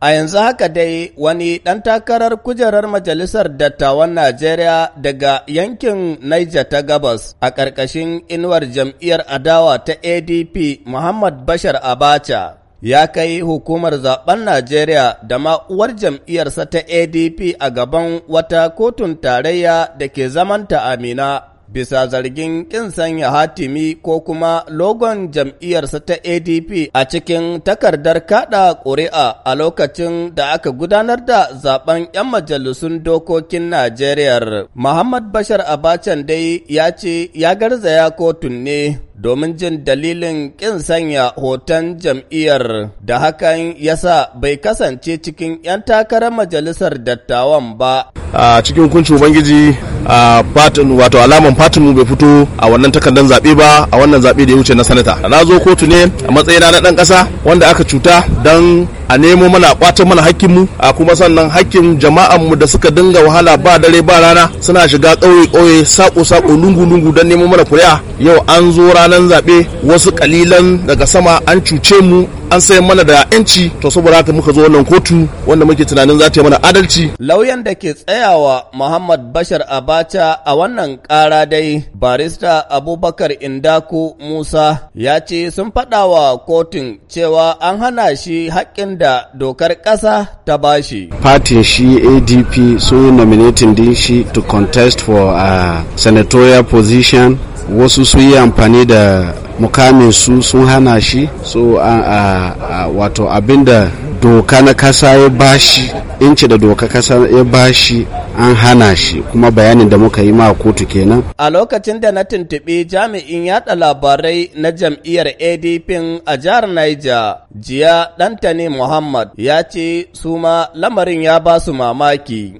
A yanzu haka dai wani ɗan takarar kujerar Majalisar Dattawan Najeriya daga yankin Niger ta Gabas a ƙarƙashin inuwar jam'iyyar adawa ta ADP Muhammad Bashar Abacha ya kai hukumar zaben Najeriya da ma uwar jam'iyyarsa ta ADP a gaban wata kotun tarayya da ke zamanta Amina bisa zargin ƙin sanya hatimi ko kuma logon jam'iyyarsa ta ADP a cikin takardar kada ƙuri'a a lokacin da aka gudanar da zaben 'yan majalisun dokokin Najeriya. Muhammad Bashar Abacan dai ya ce ya garzaya kotun ne domin jin dalilin ƙin sanya hoton jam'iyyar da hakan yasa bai kasance cikin 'yan takarar majalisar dattawan ba. a cikin hukuncin ubangiji a fatin wato alaman fatin mu bai fito a wannan takardar zaɓe ba a wannan zaɓe da ya wuce na sanata na zo kotu ne a matsayina na ɗan ƙasa wanda aka cuta don a nemo mana kwatan mana hakkin mu a kuma sannan hakkin jama'an mu da suka dinga wahala ba dare ba rana suna shiga ƙauye ƙauye sako sako lungu lungu don nemo mana kuri'a yau an zo ranar zaɓe wasu kalilan daga sama an cuce mu an sayan mana da yanci to saboda haka muka zo wannan kotu wanda muke tunanin za ta yi mana adalci lauyan da ke tsayawa Muhammad Bashar Abacha a wannan kara dai barista Abubakar Indaku Musa ya ce sun faɗa kotun cewa an hana shi haƙƙin da dokar ƙasa ta bashi fatin shi ADP sun yi nominating din shi to contest for a uh, senatorial position wasu sun yi amfani da mukamin su sun hana shi so a wato abinda doka na kasa ya bashi inci da doka kasa ya bashi an hana shi kuma bayanin da muka yi ma kotu kenan a lokacin da na tuntuɓi jami'in yada labarai na jam'iyyar adp a jihar niger jiya dantani muhammad ya ce su ma lamarin ya ba su mamaki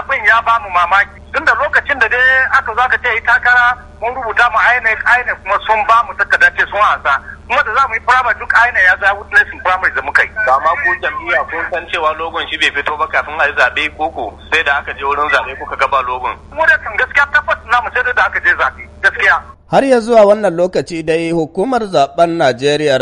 abin ya ba mu mamaki tun da lokacin da dai aka zaka ce yi takara mun rubuta mu INEC INEC kuma sun ba mu takarda ce sun ansa kuma da za mu yi primary duk INEC ya zai za witnessing primary da muka yi ba ma ko jam'iyya kun san cewa logon shi bai fito ba kafin a yi zabe koko sai da aka je wurin zabe kuka gaba logon mu da kan gaskiya tabbas na mu sai da aka je zabe gaskiya har ya zuwa wannan lokaci dai hukumar zaben Najeriya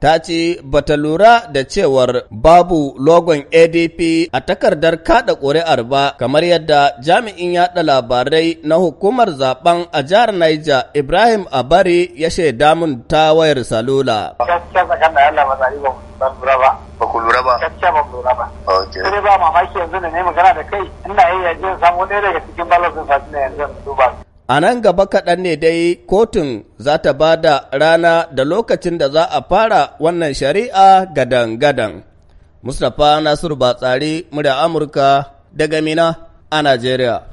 ta ce ba ta lura da cewar babu logon ADP a takardar kada ƙuri'ar ba kamar yadda jami'in yaɗa labarai na hukumar zaben a jihar Niger Ibrahim Abari ya shaida mun ta wayar salula. Gaskiya tsakan da Allah matsari ba ku lura ba. Ba ku lura ba? Gaskiya lura ba. Ok. Sai ba mamaki yanzu da ne magana da kai ina iya jin samu ɗaya daga cikin balasin A nan gaba kaɗan ne dai kotun za ta ba da rana da lokacin da za a fara wannan shari'a gadan-gadan. Mustapha Nasiru Batsari, murya Amurka daga Mina a Najeriya.